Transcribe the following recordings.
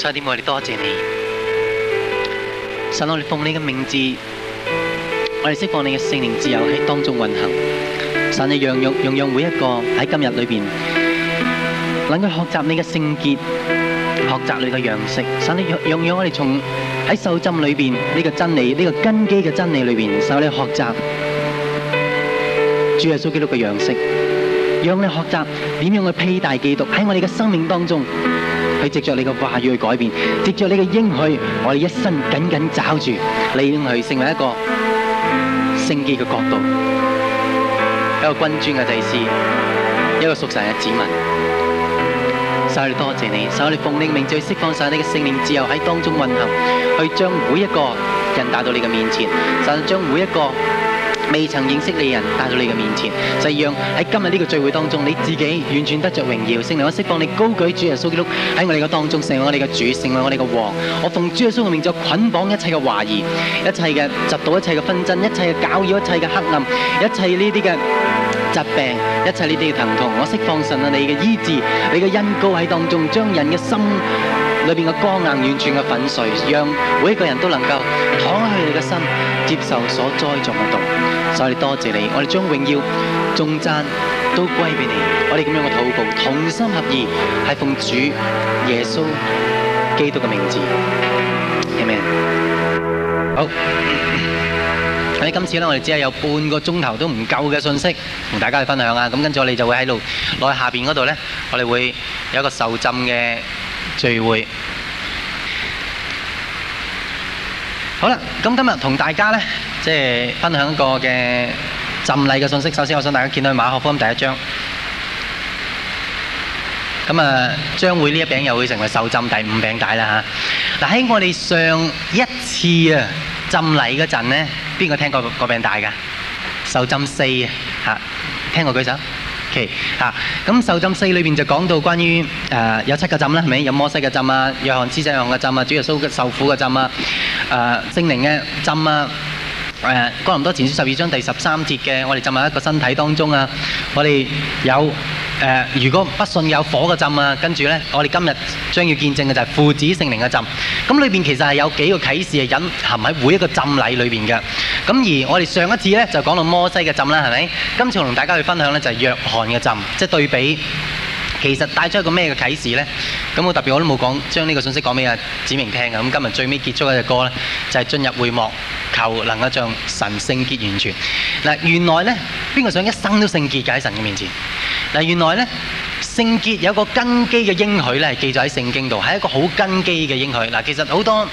差啲我哋多謝你，神，我哋奉你嘅名字，我哋釋放你嘅聖靈自由喺當中運行。神，你讓讓讓讓每一個喺今日裏邊，能夠學習你嘅聖潔，學習你嘅樣式。神，你讓讓我哋從喺受浸裏邊呢個真理、呢個根基嘅真理裏邊，使我哋學習主耶穌基督嘅樣式，讓你學習點樣去披戴基督喺我哋嘅生命當中。去藉著你嘅話語去改變，藉著你嘅應許，我哋一生緊緊抓住你應許，成為一個聖潔嘅國度，一個君尊嘅祭司，一個屬神嘅子民。神，我哋多謝你，神，我哋奉你嘅名去釋放晒你嘅聖靈自由喺當中運行，去將每一個人帶到你嘅面前，神，將每一個，未曾認識你嘅人帶到你嘅面前，就讓喺今日呢個聚會當中，你自己完全得著榮耀。聖靈，我釋放你高舉主耶穌基督喺我哋嘅當中，成為我哋嘅主，成為我哋嘅王。我奉主耶穌嘅名，就捆綁一切嘅懷疑，一切嘅執到，一切嘅紛爭，一切嘅攪擾，一切嘅黑暗，一切呢啲嘅疾病，一切呢啲嘅疼痛。我釋放神啊，你嘅醫治，你嘅恩膏喺當中，將人嘅心。裏邊嘅剛硬完全嘅粉碎，讓每一個人都能夠躺喺佢哋嘅心，接受所栽種嘅道。所以多謝你，我哋將榮耀、頌讚都歸俾你。我哋咁樣嘅禱告，同心合意，係奉主耶穌基督嘅名字。係咪？好喺今次呢，我哋只係有半個鐘頭都唔夠嘅信息同大家去分享啊！咁跟住我哋就會喺度落去下邊嗰度呢，我哋會有一個受浸嘅。聚會好啦，咁今日同大家咧，即係分享一個嘅浸禮嘅信息。首先，我想大家見到馬可福音第一章，咁啊，將會呢一餅又會成為受浸第五餅帶啦吓。嗱喺我哋上一次啊浸禮嗰陣咧，邊個聽過個餅帶噶？受浸四啊，吓，聽我舉手。其嚇，咁，okay。啊、受浸四裏邊就講到關於誒、呃、有七個浸啦，係咪有摩西嘅浸啊、約翰之子約翰嘅浸啊、主耶穌受苦嘅浸啊、誒聖靈嘅浸啊、誒、呃、哥林多前書十二章第十三節嘅，我哋浸喺一個身體當中啊，我哋有。誒、呃，如果不信有火嘅浸啊，跟住呢，我哋今日將要見證嘅就係父子聖靈嘅浸。咁裏邊其實係有幾個啟示係隱含喺每一個浸禮裏邊嘅。咁而我哋上一次呢，就講到摩西嘅浸啦，係咪？今次我同大家去分享呢，就係約翰嘅浸，即係對比。其實帶出一個咩嘅啟示咧？咁我特別我都冇講，將呢個信息講俾阿子明聽嘅。咁今日最尾結束一隻歌咧，就係進入會幕，求能夠像神聖潔完全。嗱，原來咧，邊個想一生都聖潔喺神嘅面前？嗱，原來咧，聖潔有個根基嘅應許咧，記載喺聖經度，係一個好根基嘅應許。嗱，其實好多。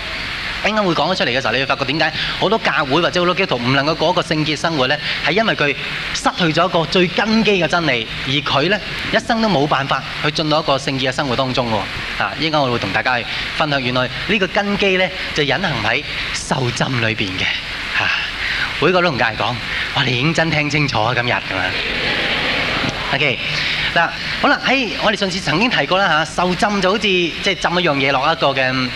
啱啱會講咗出嚟嘅時候，你會發覺點解好多教會或者好多基督徒唔能夠過一個聖潔生活呢？係因為佢失去咗一個最根基嘅真理，而佢呢一生都冇辦法去進到一個聖潔嘅生活當中喎。啊！依家我會同大家去分享，原來呢個根基呢就隱含喺受浸裏邊嘅。嚇、啊！每個人都唔介意講，我哋認真聽清楚啊！今日咁、okay, 啊，阿基嗱，好能好啦喺我哋上次曾經提過啦嚇，受浸就好似即係浸一樣嘢落一個嘅。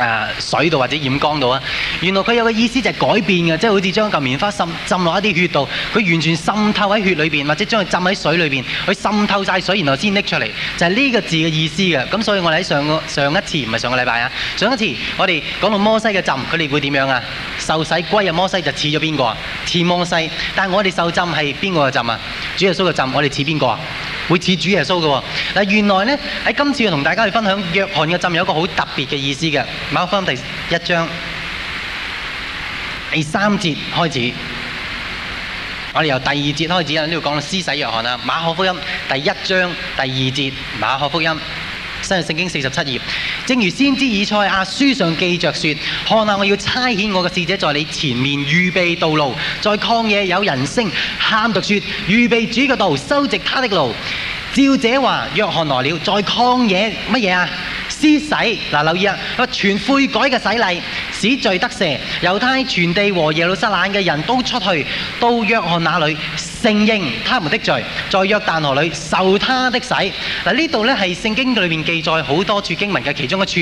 啊、水度或者染缸度啊，原來佢有個意思就係改變嘅，即係好似將一嚿棉花浸浸落一啲血度，佢完全滲透喺血裏邊，或者將佢浸喺水裏邊，佢滲透晒水，然後先拎出嚟，就係呢個字嘅意思嘅。咁所以我哋喺上個上一次唔係上個禮拜啊，上一次我哋講到摩西嘅浸，佢哋會點樣啊？受洗歸入摩西就似咗邊個啊？似摩西，但係我哋受浸係邊個嘅浸啊？主耶穌嘅浸，我哋似邊個啊？會似主耶穌嘅喎，原來呢，喺今次要同大家去分享約翰嘅浸有一個好特別嘅意思嘅。馬可福音第一章第三節開始，我哋由第二節開始喺呢度講到施洗約翰啊。馬可福音第一章第二節馬可福音。新約聖經四十七頁，正如先知以賽亞書上記着說：看啊，我要差遣我嘅使者在你前面預備道路，在曠野有人聲喊著說：預備主嘅道，修直他的路。照這話，約翰來了，在曠野乜嘢啊？施洗，嗱留意啊，話全悔改嘅洗禮，使罪得赦。猶太全地和耶路撒冷嘅人都出去，到約翰那裏承認他們的罪，在約但河裏受他的洗。嗱呢度咧係聖經裏面記載好多處經文嘅其中一處，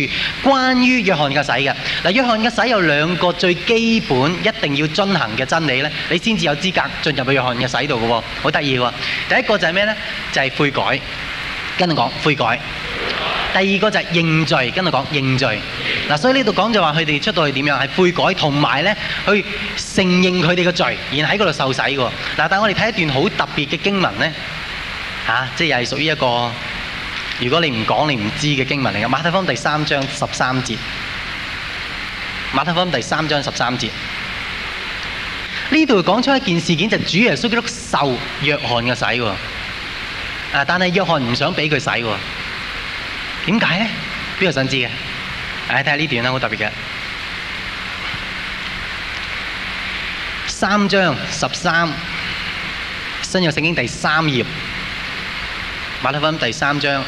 關於約翰嘅洗嘅。嗱約翰嘅洗有兩個最基本一定要遵行嘅真理咧，你先至有資格進入去約翰嘅洗度嘅喎，好得意喎。第一個就係咩咧？就係悔改，跟你講悔改。第二個就係認罪，跟住講認罪。嗱，所以呢度講就話佢哋出到去點樣，係悔改，同埋咧去承認佢哋嘅罪，然後喺嗰度受洗嘅。嗱，但係我哋睇一段好特別嘅經文咧，吓，即係又係屬於一個如果你唔講你唔知嘅經文嚟嘅。馬太福音第三章十三節，馬太福音第三章十三節，呢度講出一件事件，就主耶穌喺度受約翰嘅洗，誒，但係約翰唔想俾佢洗。點解咧？邊個想知嘅？大家，睇下呢段啦，好特別嘅。三章十三，新約聖經第三頁，馬太福音第三章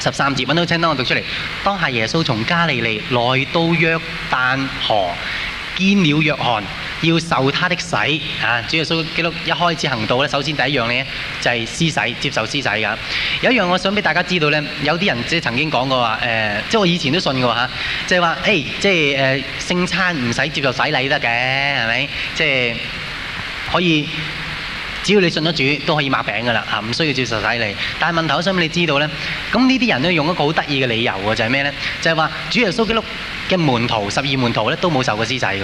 十三節，揾到清單，我讀出嚟。當下耶穌從加利利來到約但河，見了約翰，要受他的洗啊！主耶穌基督一開始行道咧，首先第一樣咧就係施洗，接受施洗噶。有一樣我想俾大家知道咧，有啲人即係曾經講過話誒、呃，即係我以前都信嘅吓，就係話誒，即係誒聖餐唔使接受洗禮得嘅，係咪？即係可以，只要你信得主，都可以抹餅嘅啦，嚇，唔需要接受洗禮。但係問題我想俾你知道咧，咁呢啲人咧用一個好得意嘅理由喎，就係咩咧？就係話主耶穌基督嘅門徒十二門徒咧都冇受過施洗嘅。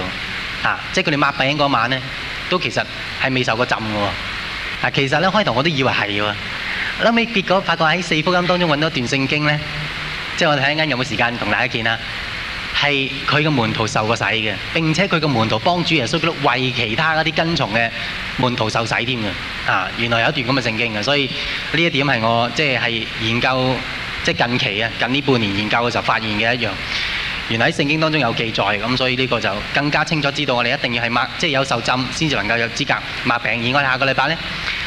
啊、即係佢哋抹鼻嗰晚呢，都其實係未受過浸嘅喎、啊。啊，其實呢，開頭我都以為係喎、啊，後尾結果發覺喺四福音當中揾到一段聖經呢，即係我哋睇緊有冇時間同大家見啊。係佢個門徒受過洗嘅，並且佢個門徒幫主耶穌基督為其他嗰啲跟從嘅門徒受洗添嘅、啊。啊，原來有一段咁嘅聖經嘅，所以呢一點係我即係係研究即係近期啊，近呢半年研究嘅時候發現嘅一樣。原嚟喺聖經當中有記載，咁所以呢個就更加清楚知道我哋一定要係抹，即、就、係、是、有受浸先至能夠有資格抹餅。而我哋下個禮拜呢，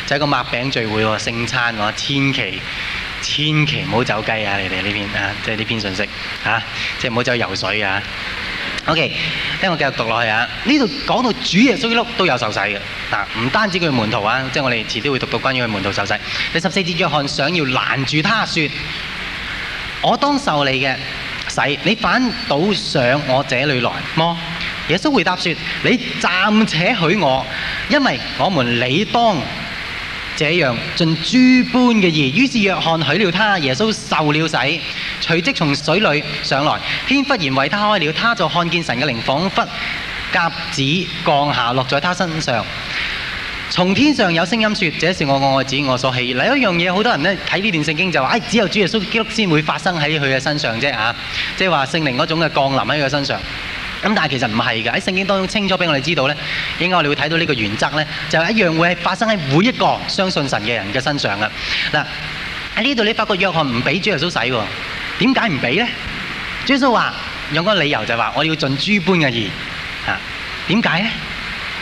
就係個抹餅聚會聖、哦、餐喎、哦，千祈千祈唔好走雞啊！你哋呢篇啊，即係呢篇信息嚇，即係唔好走游水啊！OK，聽我繼續讀落去啊！呢度講到主嘅耶穌都有受洗嘅，嗱唔單止佢門徒啊，即係我哋遲啲會讀到關於佢門徒受洗。第十四節，約翰想要攔住他、啊，說：我當受你嘅。仔，你反倒上我這裏來麼？耶穌回答說：你暫且許我，因為我們理當這樣盡諸般嘅義。於是約翰許了他，耶穌受了洗，隨即從水裏上來。天忽然為他開了，他就看見神嘅靈，仿佛鴿子降下，落在他身上。同天上有聲音說：這是我我愛子我所喜。嗱，一樣嘢，好多人咧睇呢段聖經就話：，哎，只有主耶穌基督先會發生喺佢嘅身上啫啊！即係話聖靈嗰種嘅降臨喺佢嘅身上。咁但係其實唔係嘅，喺聖經當中清楚俾我哋知道咧，應該我哋會睇到呢個原則咧，就係、是、一樣會係發生喺每一個相信神嘅人嘅身上嘅。嗱，喺呢度你發覺約翰唔俾主耶穌使喎，點解唔俾咧？主耶穌話有個理由就話我要盡諸般嘅義啊，點解咧？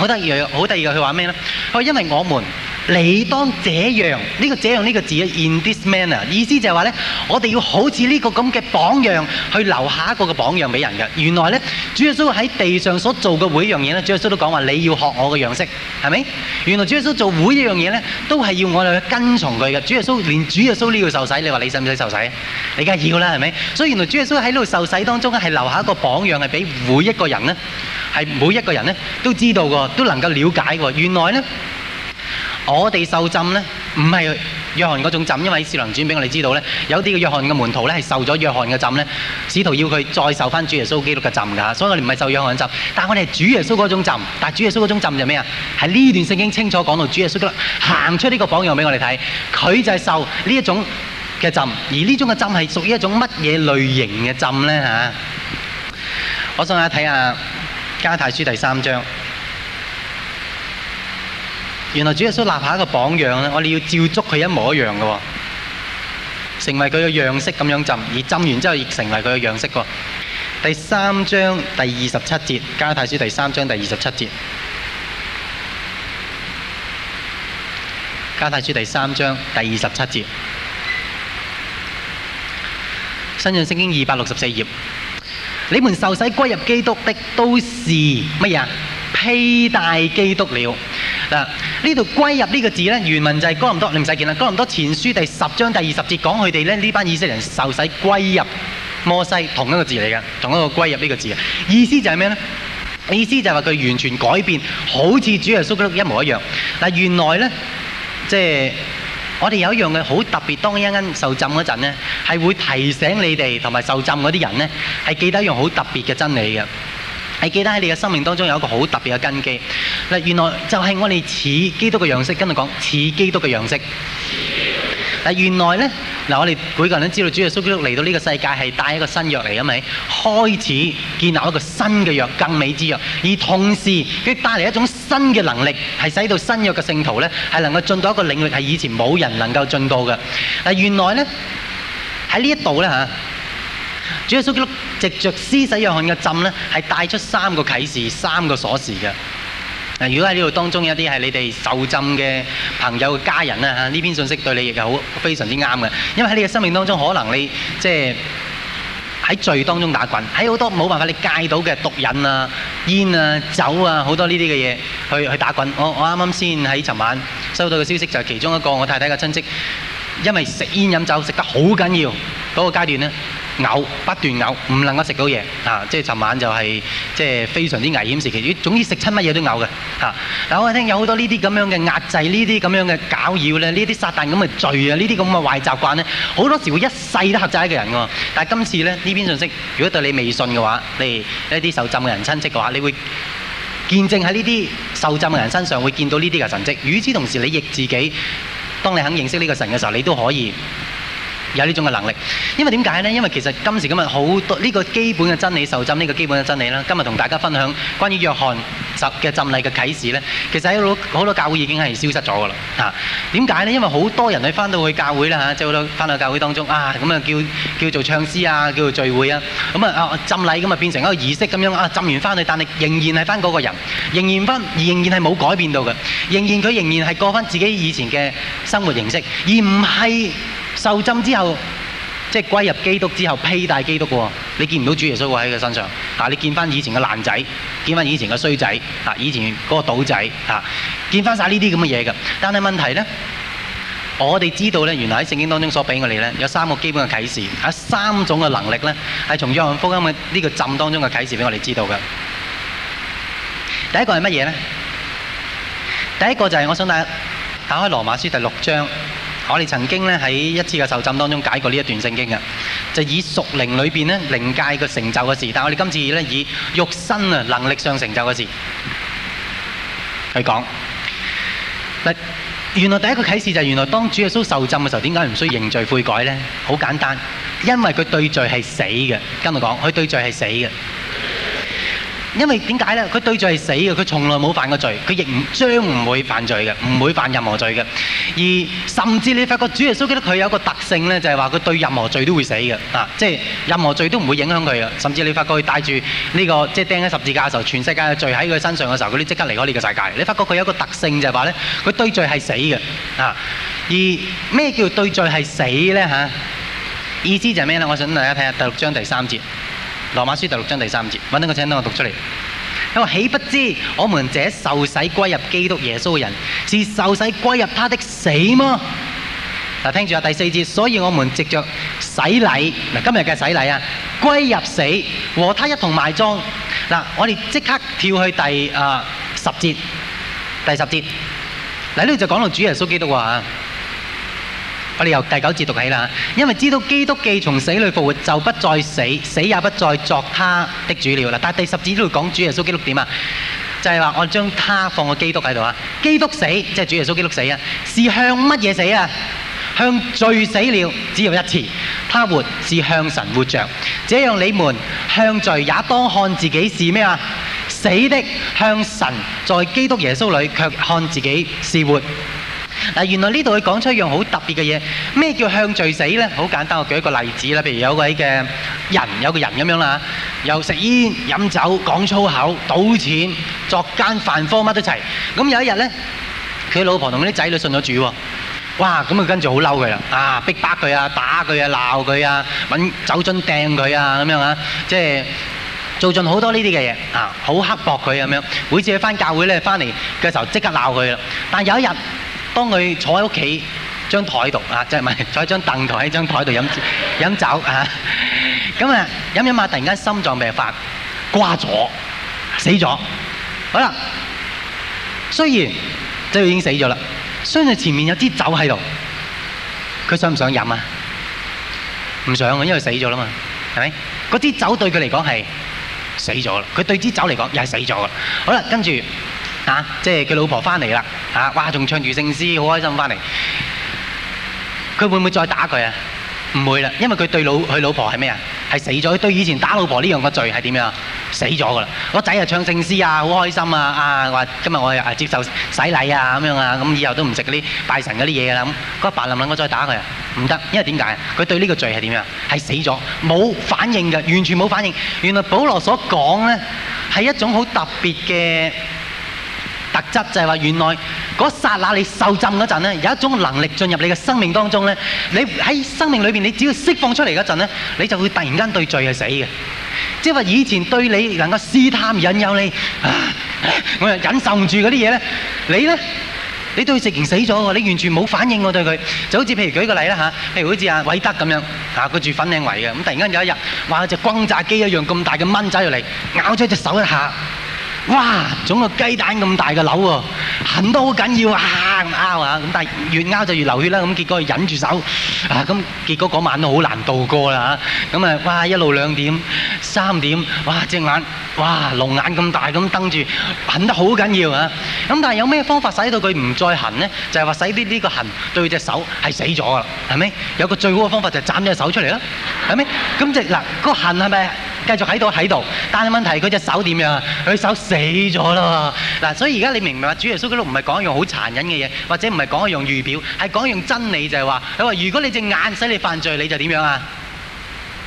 好得意嘅，好得意嘅，佢話咩咧？佢話：“因為我們……”你當這樣呢、這個這樣呢個字啊，in this manner 意思就係話呢，我哋要好似呢個咁嘅榜樣，去留下一個嘅榜樣俾人嘅。原來呢，主耶穌喺地上所做嘅每一樣嘢呢，主耶穌都講話你要學我嘅樣式，係咪？原來主耶穌做每一樣嘢呢，都係要我哋去跟從佢嘅。主耶穌連主耶穌都要受洗，你話你使唔使受洗？你梗係要啦，係咪？所以原來主耶穌喺呢度受洗當中咧，係留下一個榜樣係俾每一個人呢，係每一個人呢都知道嘅，都能夠了解嘅。原來呢。我哋受浸咧，唔係約翰嗰種浸，因為《使徒行傳》俾我哋知道咧，有啲嘅約翰嘅門徒咧係受咗約翰嘅浸咧，使徒要佢再受翻主耶穌基督嘅浸噶，所以我哋唔係受約翰嘅浸，但係我哋係主耶穌嗰種浸，但係主耶穌嗰種浸就咩啊？係呢段聖經清楚講到主耶穌行出呢個榜樣俾我哋睇，佢就係受呢一種嘅浸，而呢種嘅浸係屬於一種乜嘢類型嘅浸咧吓？我想睇下加太書第三章。原來主耶穌立下一個榜樣啦，我哋要照足佢一模一樣嘅喎，成為佢嘅樣式咁樣浸，而浸完之後亦成為佢嘅樣式喎。第三章第二十七節，加太書第三章第二十七節，加太書第三章第二十七節，新約聖經二百六十四頁，你們受洗歸入基督的都是乜嘢啊？披戴基督了嗱。呢度歸入呢個字呢，原文就係哥林多，你唔使見啦。哥林多前書第十章第二十節講佢哋呢，呢班以色列人受洗歸入摩西同一個字嚟嘅，同一個歸入呢個字嘅意思就係咩呢？意思就係話佢完全改變，好似主耶穌基督一模一樣。但原來呢，即係我哋有一樣嘅好特別，當一間受浸嗰陣呢，係會提醒你哋同埋受浸嗰啲人呢，係記得一樣好特別嘅真理嘅。係記得喺你嘅生命當中有一個好特別嘅根基。嗱，原來就係我哋似基督嘅樣式，跟佢講似基督嘅樣式。嗱，原來呢，嗱我哋每個人都知道，主耶穌基督嚟到呢個世界係帶一個新約嚟嘅咪，因為開始建立一個新嘅約，更美之約。而同時佢帶嚟一種新嘅能力，係使到新約嘅聖徒呢係能夠進到一個領域係以前冇人能夠進到嘅。嗱，原來呢，喺呢一度呢。嚇。主耶穌基督藉著施洗約翰嘅浸呢，係帶出三個啟示、三個鎖匙嘅。嗱，如果喺呢度當中有啲係你哋受浸嘅朋友嘅家人啊吓，呢篇信息對你亦係好非常之啱嘅。因為喺你嘅生命當中，可能你即係喺罪當中打滾，喺好多冇辦法，你戒到嘅毒癮啊、煙啊、酒啊，好多呢啲嘅嘢去去打滾。我我啱啱先喺尋晚收到嘅消息就係、是、其中一個我太太嘅親戚，因為食煙飲酒食得好緊要嗰、那個階段呢。嘔不斷嘔，唔能夠食到嘢嚇、啊，即係尋晚就係、係、即係非常之危險時期。總之食親乜嘢都嘔嘅嚇。但、啊、我聽有好多呢啲咁樣嘅壓制，呢啲咁樣嘅攪擾咧，呢啲撒旦咁嘅罪啊，呢啲咁嘅壞習慣呢，好多時會一世都剋制一個人㗎。但係今次咧呢邊信息，如果對你未信嘅話，你一啲受浸嘅人親戚嘅話，你會見證喺呢啲受浸嘅人身上會見到呢啲嘅神跡。與此同時，你亦自己，當你肯認識呢個神嘅時候，你都可以。有呢種嘅能力，因為點解呢？因為其實今時今日好多呢個基本嘅真理受浸呢個基本嘅真理啦，今日同大家分享關於約翰浸嘅浸禮嘅啟示呢。其實喺好多教會已經係消失咗㗎啦。嚇，點解呢？因為好多人去翻到去教會啦嚇，即係好多翻到去教會當中啊，咁啊叫叫做唱詩啊，叫做聚會啊，咁啊啊浸禮咁啊，變成一個儀式咁樣啊，浸完翻去，但係仍然係翻嗰個人，仍然翻仍然係冇改變到嘅，仍然佢仍然係過翻自己以前嘅生活形式，而唔係。受浸之後，即係歸入基督之後，披戴基督喎、哦，你見唔到主耶穌喎喺佢身上，嚇、啊、你見翻以前嘅爛仔，見翻以前嘅衰仔，嚇、啊、以前嗰個賭仔，嚇、啊、見翻晒呢啲咁嘅嘢嘅。但係問題呢，我哋知道呢，原來喺聖經當中所俾我哋呢，有三個基本嘅啟示，有、啊、三種嘅能力呢，係從約翰福音嘅呢個浸當中嘅啟示俾我哋知道嘅。第一個係乜嘢呢？第一個就係我想帶大家打開羅馬書第六章。我哋曾經咧喺一次嘅受浸當中解過呢一段聖經嘅，就以屬靈裏邊咧靈界嘅成就嘅事。但係我哋今次咧以肉身啊能力上成就嘅事去講。嗱，原來第一個啟示就係原來當主耶穌受浸嘅時候，點解唔需要認罪悔改呢？好簡單，因為佢對罪係死嘅。今日講，佢對罪係死嘅。因為點解呢？佢對罪係死嘅，佢從來冇犯過罪，佢亦唔將唔會犯罪嘅，唔會犯任何罪嘅。而甚至你發覺主耶穌記得佢有一個特性呢，就係話佢對任何罪都會死嘅。啊，即係任何罪都唔會影響佢嘅。甚至你發覺佢帶住呢個即係釘喺十字架嘅時候，全世界嘅罪喺佢身上嘅時候，佢都即刻離開呢個世界。你發覺佢有一個特性就係話呢：「佢對罪係死嘅。啊，而咩叫對罪係死呢？嚇、啊？意思就係咩呢？我想大家睇下第六章第三節。羅馬書第六章第三節，揾到個，請等我讀出嚟。因為豈不知我們這受洗歸入基督耶穌嘅人，是受洗歸入他的死麼？嗱，聽住啊，第四節，所以我們藉着洗禮，嗱今日嘅洗禮啊，歸入死，和他一同埋葬。嗱，我哋即刻跳去第啊十節，第十節。嗱呢度就講到主耶穌基督啊。我哋由第九節讀起啦，因為知道基督既從死裏復活，就不再死，死也不再作他的主了啦。但第十節都會講主耶穌基督點啊？就係、是、話我將他放個基督喺度啊。基督死，即係主耶穌基督死啊。是向乜嘢死啊？向罪死了，只有一次。他活是向神活着，這樣你們向罪也當看自己是咩啊？死的向神，在基督耶穌裏，卻看自己是活。嗱，原來呢度佢講出一樣好特別嘅嘢，咩叫向罪死呢？好簡單，我舉一個例子啦。譬如有位嘅人，有個人咁樣啦，又食煙、飲酒、講粗口、賭錢、作奸犯科，乜都齊。咁有一日呢，佢老婆同啲仔女信咗主喎，哇！咁佢跟住好嬲佢啦，啊逼巴佢啊，打佢啊，鬧佢啊，揾酒樽掟佢啊，咁樣啊，即係做盡好多呢啲嘅嘢，啊，好、啊、刻薄佢咁樣。每次去翻教會呢，翻嚟嘅時候即刻鬧佢啦。但有一日，當佢坐喺屋企張台度啊，即係咪坐喺張凳台喺張台度飲飲酒啊？咁啊飲飲啊，突然間心臟病發，瓜咗死咗。好啦，雖然即係已經死咗啦，雖然前面有支酒喺度，佢想唔想飲啊？唔想啊，因為死咗啦嘛，係咪？嗰支酒對佢嚟講係死咗啦，佢對支酒嚟講又係死咗啦。好啦，跟住。嚇！即係佢老婆翻嚟啦！嚇！哇！仲唱住聖詩，好開心翻嚟。佢會唔會再打佢啊？唔會啦，因為佢對老佢老婆係咩啊？係死咗。對以前打老婆呢樣個罪係點樣啊？死咗噶啦！我仔又唱聖詩啊，好開心啊！啊話今日我係接受洗禮啊，咁樣啊，咁以後都唔食嗰啲拜神嗰啲嘢啦。咁嗰個爸諗諗，我再打佢啊？唔得，因為點解啊？佢對呢個罪係點樣啊？係死咗，冇反應㗎，完全冇反應。原來保羅所講咧係一種好特別嘅。特質就係話，原來嗰剎那你受浸嗰陣咧，有一種能力進入你嘅生命當中咧。你喺生命裏邊，你只要釋放出嚟嗰陣咧，你就會突然間對罪係死嘅。即係話以前對你能夠試探引誘你，我、啊、又、啊、忍受唔住嗰啲嘢咧。你咧，你對食完死咗喎，你完全冇反應我對佢。就好似譬如舉個例啦嚇，譬如好似阿偉德咁樣，嚇佢住粉嶺圍嘅，咁突然間有一日，話，隻轟炸機一樣咁大嘅蚊仔入嚟咬咗隻手一下。哇，腫到雞蛋咁大嘅瘤啊，痕都好緊要啊咁拗啊，咁但係越拗就越流血啦，咁結果佢忍住手啊，咁結果嗰晚都好難度過啦嚇，咁啊哇一路兩點三點，哇隻眼哇龍眼咁大咁瞪住，痕得好緊要啊，咁但係有咩方法使到佢唔再痕呢？就係話使啲呢個痕對隻手係死咗噶啦，係咪？有個最好嘅方法就係斬隻手出嚟啦，係咪？咁即係嗱個痕係咪？繼續喺度喺度，但係問題佢隻手點樣呀？佢手死咗啦嗱，所以而家你明唔明話主耶穌都唔係講一樣好殘忍嘅嘢，或者唔係講一樣預表，係講一樣真理就係話：佢話如果你隻眼使你犯罪，你就點樣啊？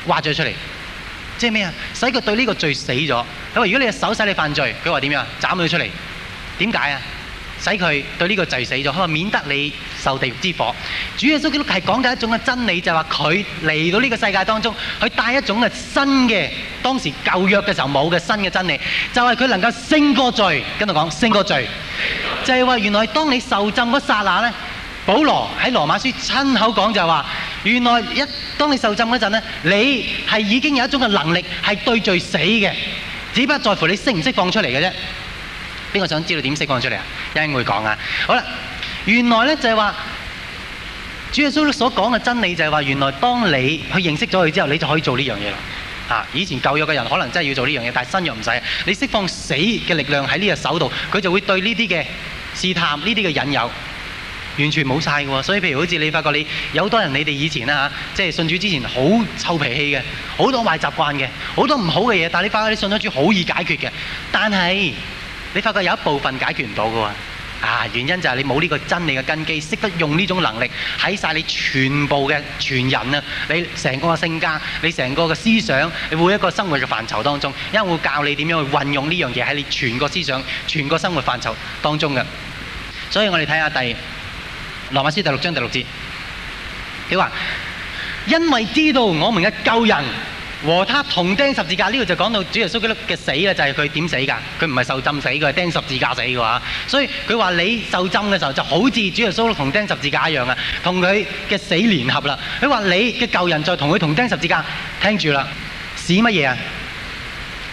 挖咗出嚟，即係咩啊？使佢對呢個罪死咗。佢話如果你隻手使你犯罪，佢話點樣呀？斬咗出嚟。點解啊？使佢對呢個罪死咗，佢話免得你受地獄之火。主耶穌基督係講緊一種嘅真理，就係話佢嚟到呢個世界當中，佢帶一種嘅新嘅，當時舊約嘅時候冇嘅新嘅真理，就係、是、佢能夠勝過罪。跟住講勝過罪，就係、是、話原來當你受浸嗰剎那呢，保羅喺羅馬書親口講就係話，原來一當你受浸嗰陣咧，你係已經有一種嘅能力係對罪死嘅，只不在乎你識唔識放出嚟嘅啫。邊個想知道點釋放出嚟啊？一陣會講啊！好啦，原來咧就係話，主耶穌所講嘅真理就係話，原來當你去認識咗佢之後，你就可以做呢樣嘢啦。啊，以前舊約嘅人可能真係要做呢樣嘢，但係新約唔使。你釋放死嘅力量喺呢個手度，佢就會對呢啲嘅試探、呢啲嘅引誘，完全冇晒㗎喎。所以譬如好似你發覺你有好多人，你哋以前啦即係信主之前好臭脾氣嘅，好多壞習慣嘅，多好多唔好嘅嘢，但係你發覺你信咗主好易解決嘅，但係，你發覺有一部分解決唔到嘅喎。啊，原因就係你冇呢個真理嘅根基，識得用呢種能力喺晒你全部嘅全人啊，你成個嘅性格，你成個嘅思想，你每一個生活嘅範疇當中，因為我教你點樣去運用呢樣嘢喺你全個思想、全個生活範疇當中嘅。所以我哋睇下第羅馬書第六章第六節，你話因為知道我們嘅救人。和他同釘十字架，呢度就講到主耶穌基督嘅死啊，就係佢點死㗎？佢唔係受浸死，佢係釘十字架死㗎嘛。所以佢話你受浸嘅時候就好似主耶穌同釘十字架一樣啊，同佢嘅死聯合啦。佢話你嘅舊人再同佢同釘十字架，聽住啦，死乜嘢啊？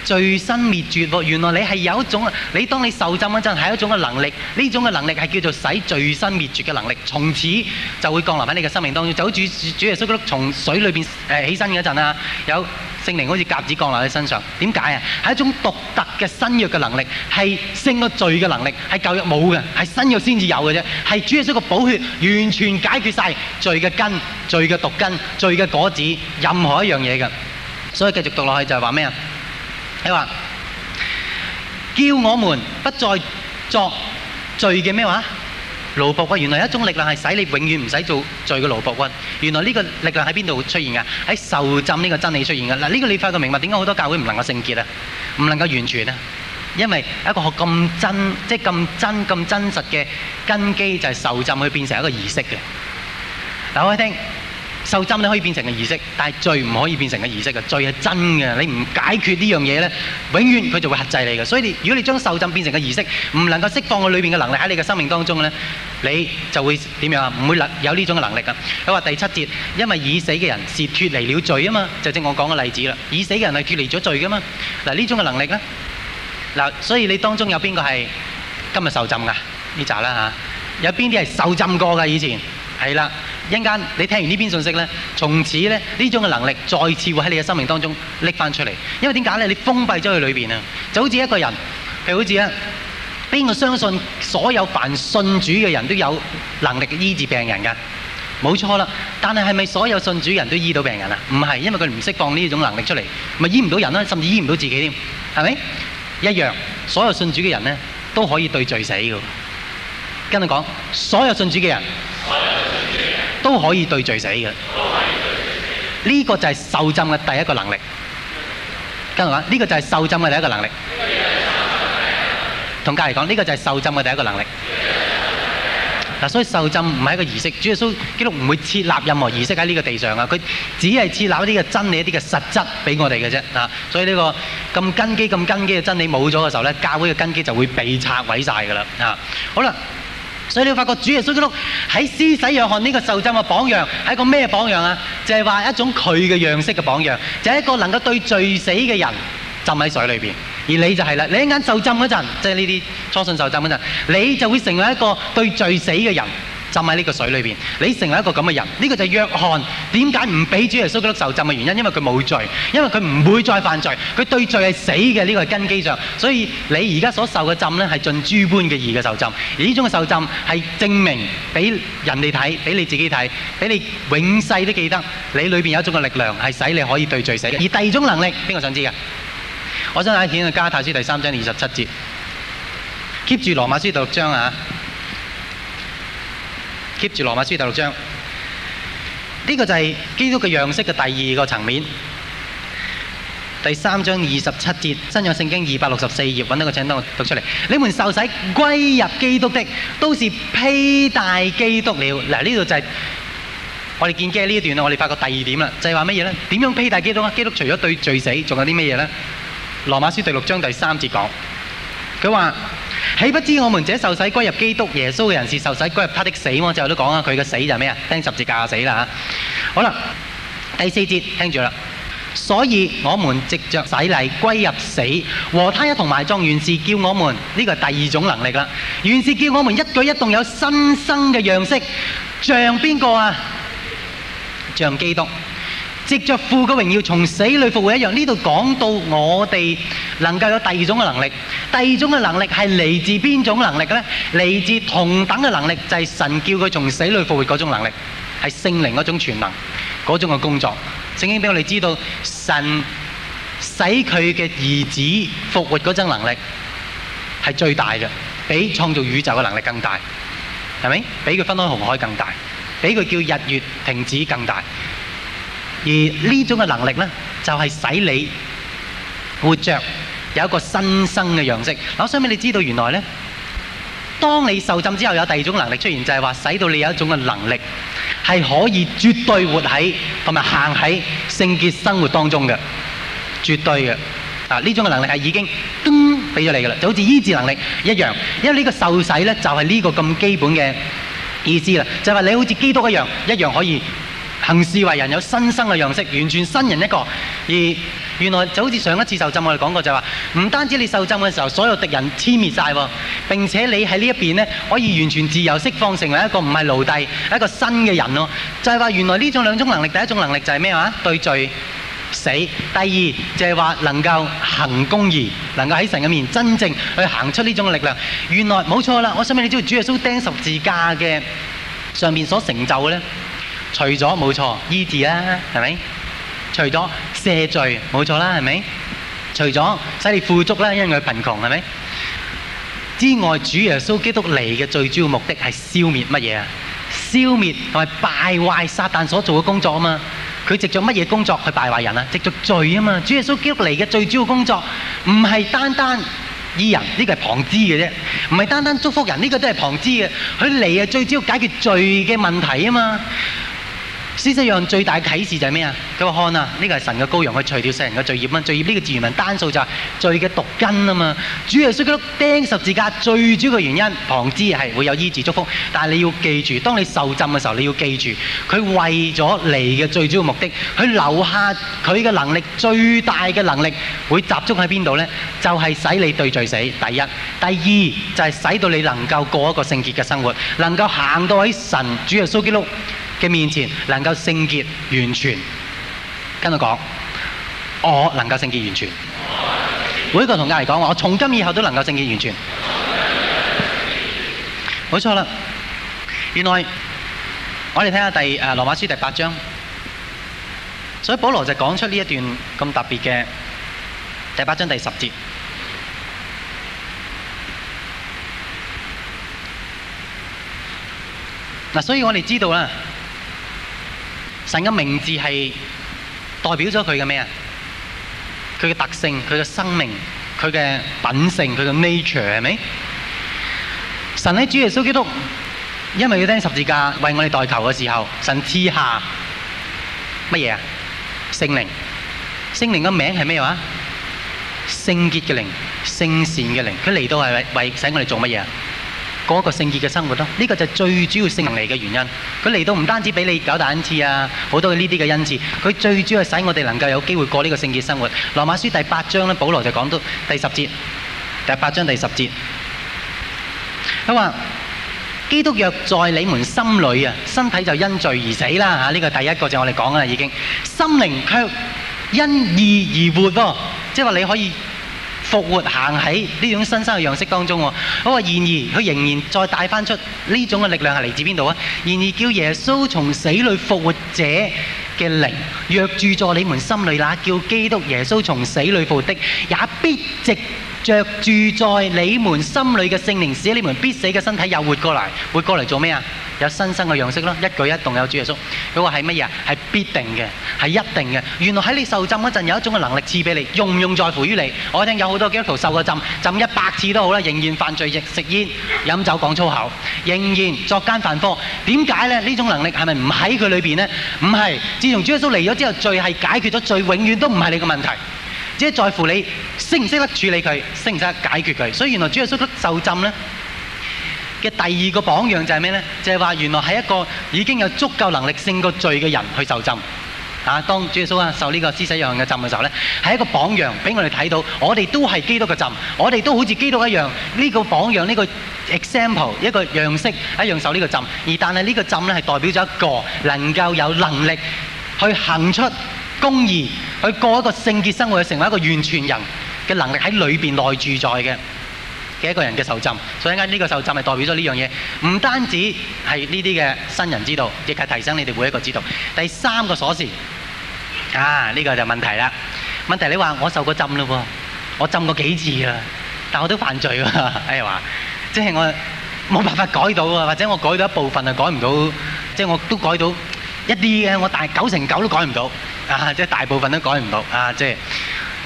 罪身滅絕喎，原來你係有一種，你當你受浸嗰陣係一種嘅能力，呢種嘅能力係叫做使罪身滅絕嘅能力，從此就會降落喺你嘅生命當中，就好似主耶穌基督從水裏邊起身嗰陣啊，有聖靈好似鴿子降落喺身上，點解啊？係一種獨特嘅新約嘅能力，係勝過罪嘅能力，係舊約冇嘅，係新約先至有嘅啫，係主耶穌嘅寶血，完全解決晒罪嘅根、罪嘅毒根、罪嘅果子，任何一樣嘢嘅。所以繼續讀落去就係話咩啊？你話叫我們不再作罪嘅咩話？蘆薄骨！原來一種力量係使你永遠唔使做罪嘅蘆薄骨。原來呢個力量喺邊度出現㗎？喺受浸呢個真理出現㗎。嗱，呢個你發覺明白點解好多教會唔能夠聖潔啊？唔能夠完全呢、啊？因為一個學咁真，即係咁真咁真實嘅根基就係受浸，去變成一個儀式嘅。大家聽。受浸你可以變成個儀式，但係罪唔可以變成個儀式嘅，罪係真嘅。你唔解決呢樣嘢咧，永遠佢就會克制你嘅。所以你如果你將受浸變成個儀式，唔能夠釋放佢裏面嘅能力喺你嘅生命當中呢你就會點樣啊？唔會有呢種嘅能力嘅。佢話第七節，因為已死嘅人是脱離了罪啊嘛，就正我講嘅例子啦。已死嘅人係脱離咗罪嘅嘛。嗱，呢種嘅能力呢。嗱，所以你當中有邊個係今日受浸嘅呢扎啦嚇？有邊啲係受浸過嘅以前？係啦。一陣間，你聽完呢篇信息呢，從此呢，呢種嘅能力再次會喺你嘅生命當中拎翻出嚟。因為點解呢？你封閉咗佢裏面啊，就好似一個人，譬如好似啊，邊個相信所有凡信主嘅人都有能力去醫治病人㗎？冇錯啦。但係係咪所有信主人都醫到病人啊？唔係，因為佢唔釋放呢種能力出嚟，咪醫唔到人啦，甚至醫唔到自己添，係咪？一樣，所有信主嘅人呢，都可以對罪死嘅。跟你講，所有信主嘅人。都可以對罪死嘅，呢個就係受浸嘅第一個能力。跟住話，呢個就係受浸嘅第一個能力。同教嚟講，呢個就係受浸嘅第一個能力。嗱、這個啊，所以受浸唔係一個儀式，主耶穌基督唔會設立任何儀式喺呢個地上啊。佢只係設立一啲嘅真理一的、一啲嘅實質俾我哋嘅啫啊。所以呢、這個咁根基、咁根基嘅真理冇咗嘅時候咧，教會嘅根基就會被拆毀晒㗎啦啊。好啦。所以你會發覺主耶穌基督喺施洗約翰呢個受浸嘅榜樣係一個咩榜樣啊？就係話一種佢嘅樣式嘅榜樣，就係一個能夠對罪死嘅人浸喺水裏邊，而你就係啦。你一陣受浸嗰陣，即係呢啲初信受浸嗰陣，你就會成為一個對罪死嘅人。浸喺呢個水裏邊，你成為一個咁嘅人，呢、這個就係約翰點解唔俾主耶穌基督受浸嘅原因。因為佢冇罪，因為佢唔會再犯罪，佢對罪係死嘅。呢、這個係根基上，所以你而家所受嘅浸呢，係盡諸般嘅義嘅受浸。而呢種嘅受浸係證明俾人哋睇，俾你自己睇，俾你永世都記得，你裏邊有一種嘅力量係使你可以對罪死嘅。而第二種能力，邊個想知㗎？我想睇《天路加太書》第三章二十七節，keep 住《羅馬書道》第六章啊。keep 住羅馬書第六章，呢個就係基督嘅樣式嘅第二個層面。第三章二十七節，新約聖經二百六十四頁揾到個，請等我讀出嚟。你們受洗歸入基督的，都是披戴基督了。嗱，呢度就係我哋見嘅呢一段啦。我哋發覺第二點啦，就係話乜嘢呢？點樣披戴基督啊？基督除咗對罪死，仲有啲乜嘢呢？羅馬書第六章第三節講，佢話。豈不知我們這受洗歸入基督耶穌嘅人士，受洗歸入他的死。我最後都講啦，佢嘅死就係咩啊？釘十字架死啦吓。好啦，第四節聽住啦。所以我們藉着洗禮歸入死，和他一同埋葬，原是叫我們呢、這個第二種能力啦。原是叫我們一舉一動有新生嘅樣式，像邊個啊？像基督。藉著父嘅榮耀從死裏復活一樣，呢度講到我哋能夠有第二種嘅能力。第二種嘅能力係嚟自邊種能力咧？嚟自同等嘅能力，就係神叫佢從死裏復活嗰種能力，係聖靈嗰種全能嗰種嘅工作。聖經俾我哋知道，神使佢嘅兒子復活嗰種能力係最大嘅，比創造宇宙嘅能力更大，係咪？比佢分開紅海更大，比佢叫日月停止更大。而呢種嘅能力呢，就係使你活着有一個新生嘅樣式。嗱，我想俾你知道，原來呢，當你受浸之後，有第二種能力出現，就係話使到你有一種嘅能力，係可以絕對活喺同埋行喺聖潔生活當中嘅，絕對嘅。啊，呢種嘅能力係已經噔俾咗你嘅啦，就好似醫治能力一樣。因為呢個受洗呢，就係呢個咁基本嘅意思啦，就係話你好似基督一樣，一樣可以。行事為人有新生嘅樣式，完全新人一個。而原來就好似上一次受浸我哋講過，就係話唔單止你受浸嘅時候，所有敵人消滅曬，並且你喺呢一邊呢，可以完全自由釋放，成為一個唔係奴隸，一個新嘅人咯。就係、是、話原來呢種兩種能力，第一種能力就係咩話對罪死，第二就係、是、話能夠行公義，能夠喺神入面真正去行出呢種力量。原來冇錯啦，我想問你知道主耶穌釘十字架嘅上面所成就嘅呢除咗冇錯，醫治啦，係咪？除咗赦罪，冇錯啦，係咪？除咗使你富足啦，因為佢貧窮，係咪？之外，主耶穌基督嚟嘅最主要目的係消滅乜嘢啊？消滅同埋敗壞撒旦所做嘅工作啊嘛！佢藉著乜嘢工作去敗壞人啊？藉著罪啊嘛！主耶穌基督嚟嘅最主要工作唔係單單醫人，呢、這個係旁支嘅啫；唔係單單祝福人，呢、這個都係旁支嘅。佢嚟啊，最主要解決罪嘅問題啊嘛！事實上最大嘅啟示就係咩啊？佢話看啊，呢個係神嘅羔羊，去除掉世人嘅罪孽啊！罪孽，呢個字原文單數就係罪嘅毒根啊嘛！主耶穌基督釘十字架最主要嘅原因，旁枝係會有醫治祝福，但係你要記住，當你受浸嘅時候，你要記住，佢為咗嚟嘅最主要目的，佢留下佢嘅能力，最大嘅能力會集中喺邊度呢？就係、是、使你對罪死。第一，第二就係、是、使到你能夠過一個聖潔嘅生活，能夠行到喺神主耶穌基督。嘅面前能夠聖潔完全，跟佢講，我能夠聖潔完全。每一個同學嚟講，我從今以後都能夠聖潔完全。冇錯啦，原來我哋睇下第誒羅馬書第八章，所以保羅就講出呢一段咁特別嘅第八章第十節。嗱，所以我哋知道啦。神嘅名字係代表咗佢嘅咩啊？佢嘅特性、佢嘅生命、佢嘅品性、佢嘅 nature 係咪？神喺主耶穌基督因為要釘十字架為我哋代求嘅時候，神賜下乜嘢啊？聖靈，聖靈嘅名係咩話？聖潔嘅靈、聖善嘅靈，佢嚟到係為使我哋做乜嘢？過一個聖潔嘅生活咯，呢、這個就是最主要聖靈嚟嘅原因。佢嚟到唔單止俾你搞大恩賜啊，好多呢啲嘅恩賜。佢最主要使我哋能夠有機會過呢個聖潔生活。羅馬書第八章咧，保羅就講到第十節，第八章第十節，佢話基督若在你們心裏啊，身體就因罪而死啦吓，呢、啊這個第一個就是我哋講啦已經。心靈卻因義而，而活咗，即係話你可以。復活行喺呢種新生嘅樣式當中，好啊，然而佢仍然再帶翻出呢種嘅力量係嚟自邊度啊？然而叫耶穌從死裏復活者嘅靈若住在你們心裏，那叫基督耶穌從死裏復活的，也必藉着住在你們心裏嘅聖靈，使你們必死嘅身體又活過嚟，活過嚟做咩啊？有新生嘅樣式咯，一舉一動有主耶穌。嗰個係乜嘢啊？係必定嘅，係一定嘅。原來喺你受浸嗰陣，有一種嘅能力賜俾你，用唔用在乎於你。我聽有好多基督徒受過浸，浸一百次都好啦，仍然犯罪，食食煙、飲酒、講粗口，仍然作奸犯科。點解呢？呢種能力係咪唔喺佢裏邊呢？唔係。自從主耶穌嚟咗之後，罪係解決咗，罪永遠都唔係你嘅問題，只係在乎你識唔識得處理佢，識唔識得解決佢。所以原來主耶穌都受浸呢。嘅第二個榜樣就係咩呢？就係話原來係一個已經有足夠能力勝過罪嘅人去受浸。啊，當主耶穌啊受呢個施洗約翰嘅浸嘅時候呢，係一個榜樣俾我哋睇到，我哋都係基督嘅浸，我哋都好似基督一樣，呢個榜樣呢個 example 一個樣式，一樣受呢個浸。而但係呢個浸呢係代表咗一個能夠有能力去行出公義，去過一個聖潔生活去成為一個完全人嘅能力喺裏邊內住在嘅。幾個人嘅受浸，所以而家呢個受浸係代表咗呢樣嘢，唔單止係呢啲嘅新人知道，亦係提升你哋每一個知道。第三個鎖匙啊，呢個就問題啦。問題你話我受過浸嘞喎，我浸過幾次啊，但我都犯罪喎，誒話，即係我冇辦法改到啊，或者我改到一部分啊，改唔到，即係我都改到一啲嘅，我但係九成九都改唔到啊，即係大部分都改唔到啊，即係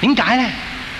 點解呢？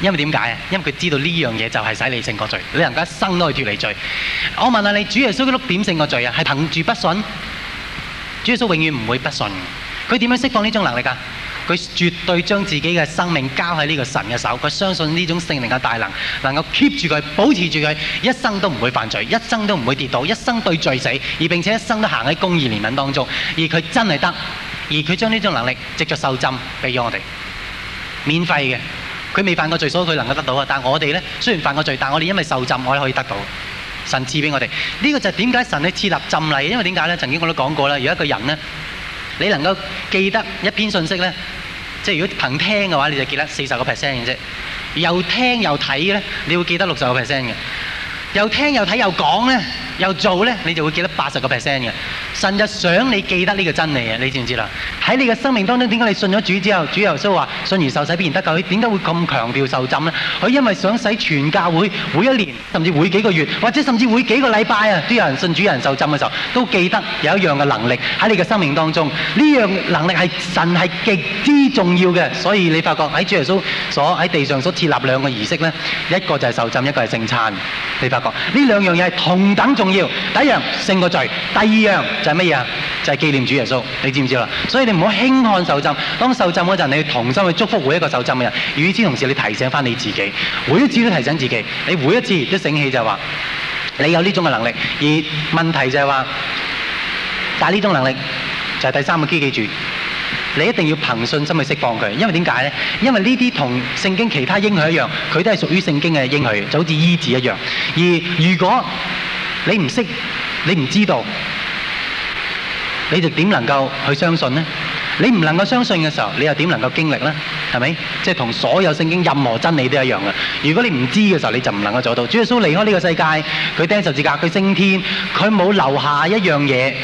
因為點解啊？因為佢知道呢樣嘢就係使你勝過罪，你人家生都係脫離罪。我問下你，主耶穌嘅六點勝過罪啊？係憑住不信？主耶穌永遠唔會不信？佢點樣釋放呢種能力啊？佢絕對將自己嘅生命交喺呢個神嘅手，佢相信呢種聖靈嘅大能，能夠 keep 住佢，保持住佢，一生都唔會犯罪，一生都唔會跌倒，一生對罪死，而並且一生都行喺公義憐憫當中。而佢真係得，而佢將呢種能力藉着受浸俾咗我哋，免費嘅。佢未犯過罪，所以佢能夠得到啊！但係我哋咧，雖然犯過罪，但係我哋因為受浸，我哋可以得到神賜俾我哋。呢、這個就係點解神你設立浸禮？因為點解咧？曾經我都講過啦。如果一個人咧，你能夠記得一篇信息咧，即係如果憑聽嘅話，你就記得四十個 percent 嘅啫。又聽又睇咧，你要記得六十個 percent 嘅。又聽又睇又講咧。又做呢，你就會記得八十個 percent 嘅。神就想你記得呢個真理啊！你知唔知啦？喺你嘅生命當中，點解你信咗主之後，主耶穌話信而受洗，必然得救。點解會咁強調受浸呢？佢因為想使全教會每一年，甚至每幾個月，或者甚至每幾個禮拜啊，都有人信主、有人受浸嘅時候，都記得有一樣嘅能力喺你嘅生命當中。呢樣能力係神係極之重要嘅，所以你發覺，喺主耶穌所喺地上所設立兩個儀式呢，一個就係受浸，一個係聖餐。你發覺呢兩樣嘢係同等重。要第一樣勝個罪，第二樣就係乜嘢啊？就係、是、紀念主耶穌，你知唔知啦？所以你唔好輕看受浸。當受浸嗰陣，你要同心去祝福每一個受浸嘅人。與此同時，你提醒翻你自己，每一次都提醒自己，你每一次都醒起就係話，你有呢種嘅能力。而問題就係話，但係呢種能力就係第三個機。記住，你一定要憑信心去釋放佢。因為點解呢？因為呢啲同聖經其他應許一樣，佢都係屬於聖經嘅應許，就好似醫治一樣。而如果，你唔識，你唔知道，你就點能夠去相信呢？你唔能夠相信嘅時候，你又點能夠經歷呢？係咪？即係同所有聖經任何真理都一樣嘅。如果你唔知嘅時候，你就唔能夠做到。主耶穌離開呢個世界，佢釘十字架，佢升天，佢冇留下一樣嘢。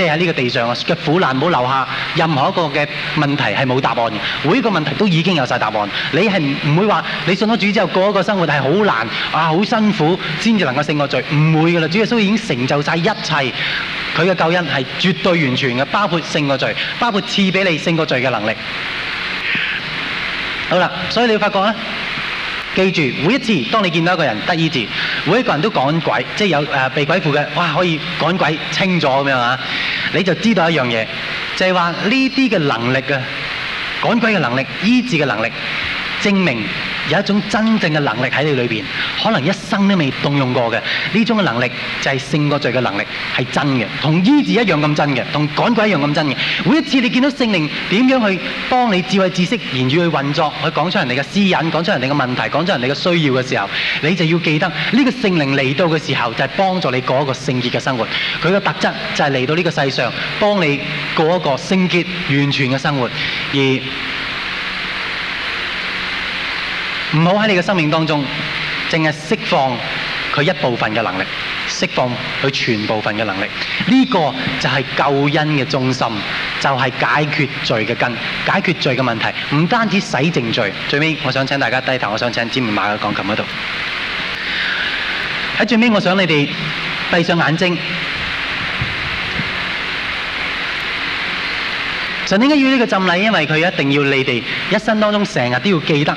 即係喺呢個地上嘅苦難，冇留下任何一個嘅問題係冇答案嘅，每一個問題都已經有晒答案。你係唔會話你信咗主之後過一個生活係好難啊，好辛苦先至能夠勝過罪，唔會嘅啦。主耶穌已經成就晒一切，佢嘅救恩係絕對完全嘅，包括勝過罪，包括賜俾你勝過罪嘅能力。好啦，所以你要發覺咧，記住每一次當你見到一個人得醫治，每一個人都趕鬼，即係有誒、呃、被鬼附嘅，哇可以趕鬼清咗咁樣啊！你就知道一樣嘢，就係話呢啲嘅能力嘅趕鬼嘅能力、醫治嘅能力，證明，有一種真正嘅能力喺你裏面，可能一生都未動用過嘅呢種嘅能力，就係勝過罪嘅能力係真嘅，同醫治一樣咁真嘅，同趕鬼一樣咁真嘅。每一次你見到聖靈點樣去幫你智慧知識然後去運作，去講出人哋嘅私隱，講出人哋嘅問題，講出人哋嘅需要嘅時候，你就要記得呢個聖靈嚟到嘅時候，就係幫助你過一個聖潔嘅生活。佢嘅特質就係嚟到呢個世上幫你過一個聖潔完全嘅生活，而。唔好喺你嘅生命當中，淨係釋放佢一部分嘅能力，釋放佢全部份嘅能力。呢個就係救恩嘅中心，就係解決罪嘅根，解決罪嘅問題。唔單止洗淨罪，最尾我想請大家低頭，我想請姊妹馬嘅鋼琴嗰度。喺最尾，我想你哋閉上眼睛。神點解要呢個浸禮？因為佢一定要你哋一生當中成日都要記得。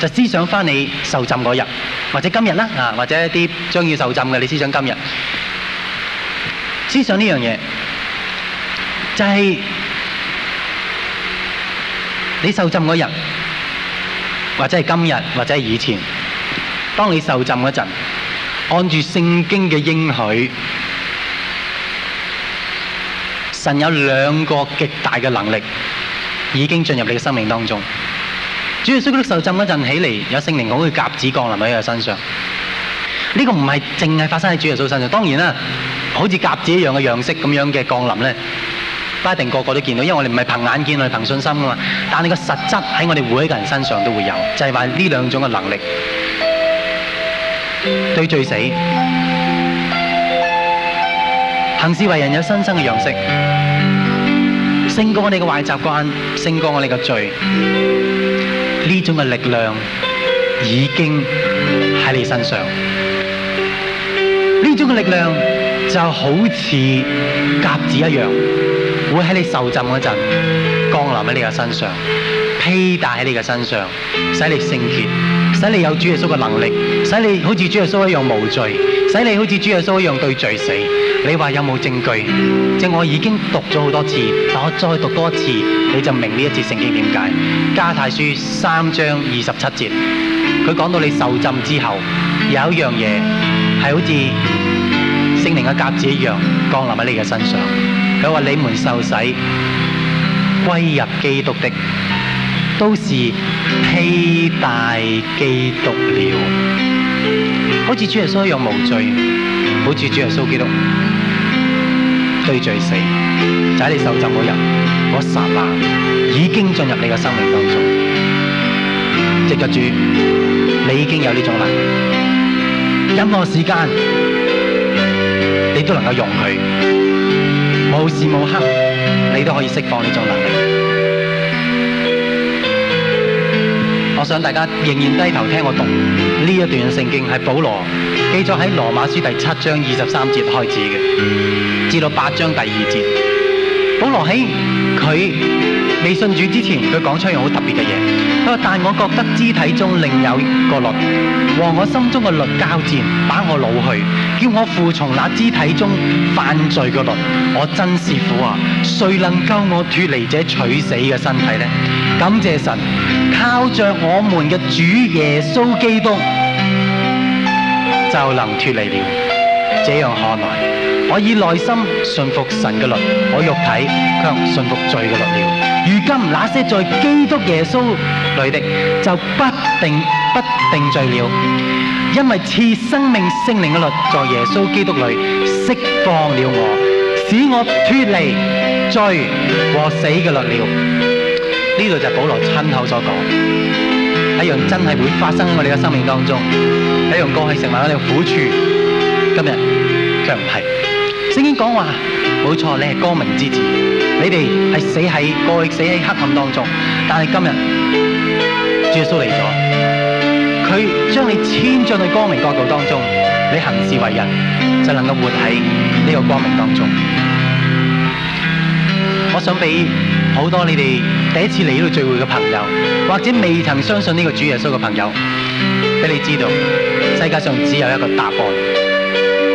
就思想返你受浸嗰日，或者今日啦，啊，或者一啲將要受浸嘅，你思想今日。思想呢樣嘢，就係你受浸嗰日，或者係今日，或者係以前。當你受浸嗰陣，按住聖經嘅應許，神有兩個極大嘅能力已經進入你嘅生命當中。主耶穌基督受浸嗰陣起嚟，有聖靈好似鴿子降臨喺佢身上。呢、這個唔係淨係發生喺主耶穌身上，當然啦，好似鴿子一樣嘅樣式咁樣嘅降臨咧，不一定個個都見到，因為我哋唔係憑眼見，我哋憑信心噶嘛。但你個實質喺我哋每一個人身上都會有，就係話呢兩種嘅能力：對罪死、行事為人有新生嘅樣式，勝過我哋嘅壞習慣，勝過我哋嘅罪。呢種嘅力量已經喺你身上，呢種嘅力量就好似鴿子一樣，會喺你受浸嗰陣，降臨喺你嘅身上，披戴喺你嘅身上，使你聖潔，使你有主耶穌嘅能力，使你好似主耶穌一樣無罪，使你好似主耶穌一樣對罪死。你話有冇證據？即我已經讀咗好多次，但我再讀多次，你就明呢一節聖經點解。加太書三章二十七節，佢講到你受浸之後，有一樣嘢係好似聖靈嘅鴿子一樣降臨喺你嘅身上。佢話，你們受洗歸入基督的，都是披戴基督了。好似主耶穌一樣無罪，好似主耶穌基督。追罪死，就喺你受浸嗰日，嗰剎那已經進入你嘅生命當中。藉著住，你已經有呢種能力。任何時間你都能夠用佢。無時無刻，你都可以釋放呢種能力。我想大家仍然低頭聽我讀呢一段聖經，係保羅記咗喺羅馬書第七章二十三節開始嘅，至到八章第二節。保羅喺佢未信主之前，佢講出一樣好特別嘅嘢。佢話：但我覺得肢體中另有個律，和我心中嘅律交戰，把我擄去，叫我服從那肢體中犯罪嘅律。我真係苦啊！誰能救我脱離這取死嘅身體呢？感謝神。靠着我們嘅主耶穌基督，就能脫離了。這樣看來，我以內心信服神嘅律，我肉體卻信服罪嘅律了。如今那些在基督耶穌裏的，就不定不定罪了，因為賜生命聖靈嘅律在耶穌基督裏釋放了我，使我脫離罪和死嘅律了。呢度就係保羅親口所講，一樣真係會發生喺我哋嘅生命當中，一樣過去成為我哋嘅苦處。今日卻唔係。聖經講話，冇錯，你係光明之子你們，你哋係死喺過去，死喺黑暗當中但是，但係今日主耶穌嚟咗，佢將你遷進去光明國度當中，你行事為人，就能夠活喺呢個光明當中。我想俾。好多你哋第一次嚟呢度聚會嘅朋友，或者未曾相信呢個主耶穌嘅朋友，俾你知道，世界上只有一個答案。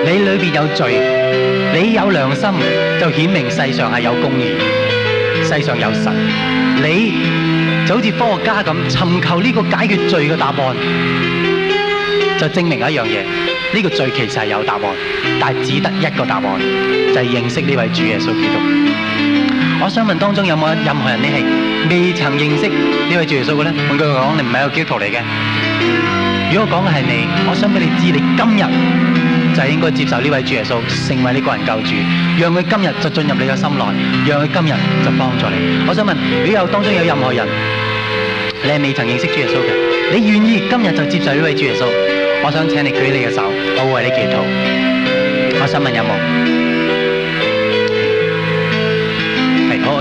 你裏邊有罪，你有良心，就顯明世上係有公義，世上有神。你就好似科學家咁尋求呢個解決罪嘅答案，就證明一樣嘢，呢、呢個罪其實係有答案，但係只得一個答案，就係、係、認識呢位主耶穌基督。我想問當中有冇任何人你係未曾認識呢位主耶穌嘅呢？換句講，你唔係個基督徒嚟嘅。如果講嘅係你，我想俾你知，你今日就應該接受呢位主耶穌成為你個人救主，讓佢今日就進入你嘅心內，讓佢今日就幫助你。我想問，如有當中有任何人你係未曾認識主耶穌嘅？你願意今日就接受呢位主耶穌？我想請你舉你嘅手，我會為你祈禱。我想問有冇？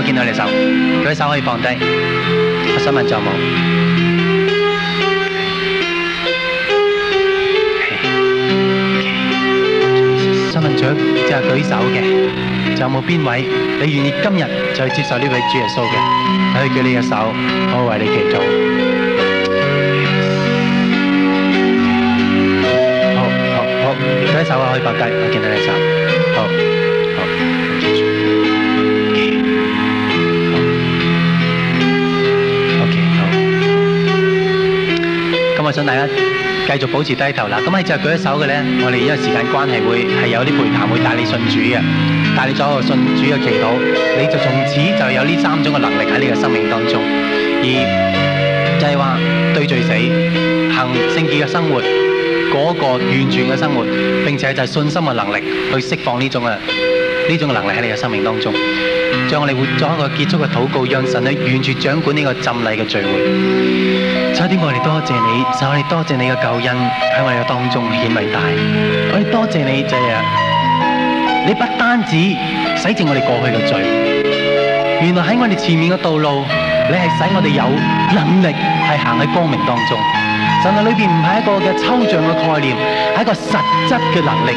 見到你手，舉手可以放低。我想問仲有冇？想問仲有即係舉手嘅，有冇邊位你願意今日就去接受呢位主耶穌嘅？我去舉你一手，我為你祈禱。好，好，舉手嘅可以放低。我見到你手，好。我想大家繼續保持低頭啦，咁你就舉一手嘅呢。我哋因為時間關係，會係有啲陪談，會帶你信主嘅，帶你做一個信主嘅祈禱。你就從此就有呢三種嘅能力喺呢個生命當中。而就係話對罪死、行聖潔嘅生活嗰個完全嘅生活，並且就係信心嘅能力去釋放呢種啊呢種嘅能力喺你嘅生命當中。讓你活咗一個結束嘅禱告，讓神呢完全掌管呢個浸禮嘅聚會。差啲我哋多謝你，就我哋多謝你嘅救恩喺我哋當中顯偉大。我哋多謝你，就係，你不單止洗淨我哋過去嘅罪，原來喺我哋前面嘅道路，你係使我哋有能力係行喺光明當中。神啊，裏邊唔係一個嘅抽象嘅概念，係一個實質嘅能力。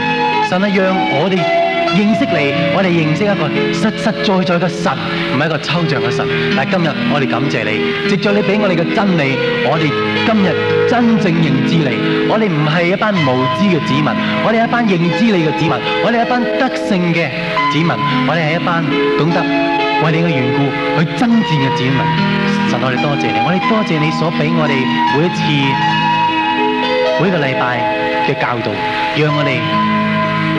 神啊，讓我哋。認識你，我哋認識一個實實在在嘅神，唔係一個抽象嘅神。但係今日我哋感謝你，藉着你俾我哋嘅真理，我哋今日真正認知你。我哋唔係一班無知嘅子民，我哋一班認知你嘅子民，我哋一班得勝嘅子民，我哋係一班懂得為你嘅緣故去爭戰嘅子民。神，我哋多謝你，我哋多謝你所俾我哋每一次每一個禮拜嘅教導，讓我哋。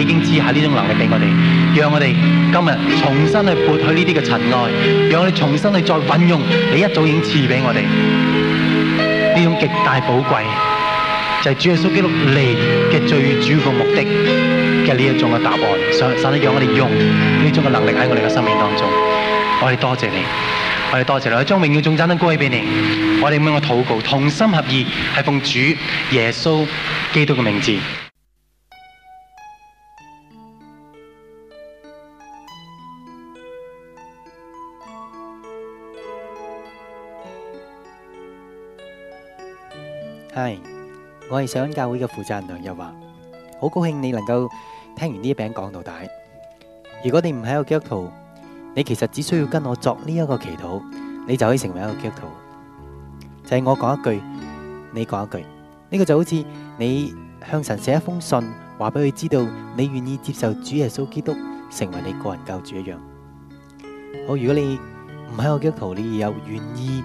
已經賜下呢種能力俾我哋，讓我哋今日重新去撥去呢啲嘅塵埃，讓我哋重新去再運用你一早已經賜俾我哋呢種極大寶貴，就係、是、主耶穌基督嚟嘅，最主要嘅目的嘅呢一種嘅答案，所，神啊，讓我哋用呢種嘅能力喺我哋嘅生命當中，我哋多謝你，我哋多謝你，將榮耀總盞都歸俾你，我哋咁樣嘅禱告，同心合意係奉主耶穌基督嘅名字。我係上教會嘅負責人梁日華，好高興你能夠聽完呢一篇講道大。如果你唔係一個基督徒，你其實只需要跟我作呢一個祈禱，你就可以成為一個基督徒。就係我講一句，你講一句，呢個就好似你向神寫一封信，話俾佢知道你願意接受主耶穌基督成為你個人救主一樣。好，如果你唔係一個基督徒，你又有願意？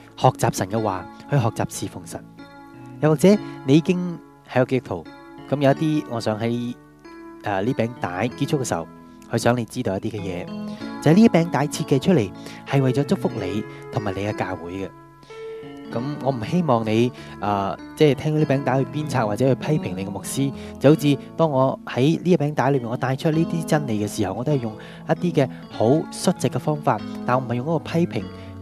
學習神嘅話，去學習侍奉神。又或者你已經係個基督徒，咁有一啲，我想喺誒呢餅帶結束嘅時候，去想你知道一啲嘅嘢。就係呢餅帶設計出嚟，係為咗祝福你同埋你嘅教會嘅。咁我唔希望你誒，即係聽到呢餅帶去鞭策或者去批評你嘅牧師。就好似當我喺呢餅帶裏面，我帶出呢啲真理嘅時候，我都係用一啲嘅好率直嘅方法，但係我唔係用嗰個批評